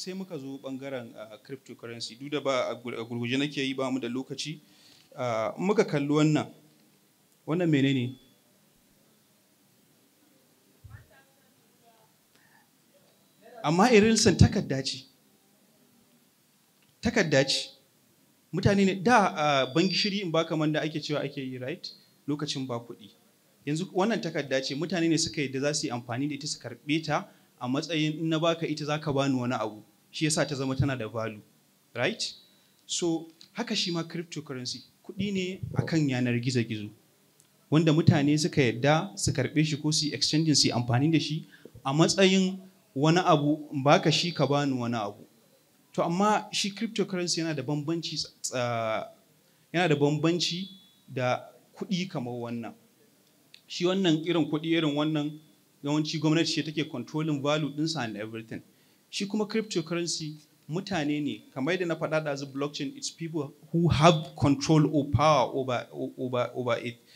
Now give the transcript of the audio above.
sai muka zo bangaren cryptocurrency duk da ba a gurguje nake yi ba mu da lokaci muka kalli wannan wannan menene amma irin san takarda ce takarda ce mutane ne da uh, ban in ba kamar da ake cewa ake yi right lokacin ba kuɗi yanzu wannan takarda ce mutane ne suka yi da za su yi amfani da ita su karɓe ta a matsayin in na baka ita za ka bani wani abu shi yasa ta zama tana da value right so haka shi ma cryptocurrency kuɗi ne akan yanar gizo-gizo wanda mutane suka yadda su karɓe shi ko su exchanging su amfani da shi a matsayin wani abu baka shi ka bani wani abu to amma shi cryptocurrency yana da bambanci yana da bambanci da kuɗi kamar wannan shi wannan irin kuɗi irin wannan yawanci gwamnati ce take controlling value ɗinsa and everything shi kuma cryptocurrency mutane ne kamar yadda na faɗa da blockchain it's people who have control or power over, over, over it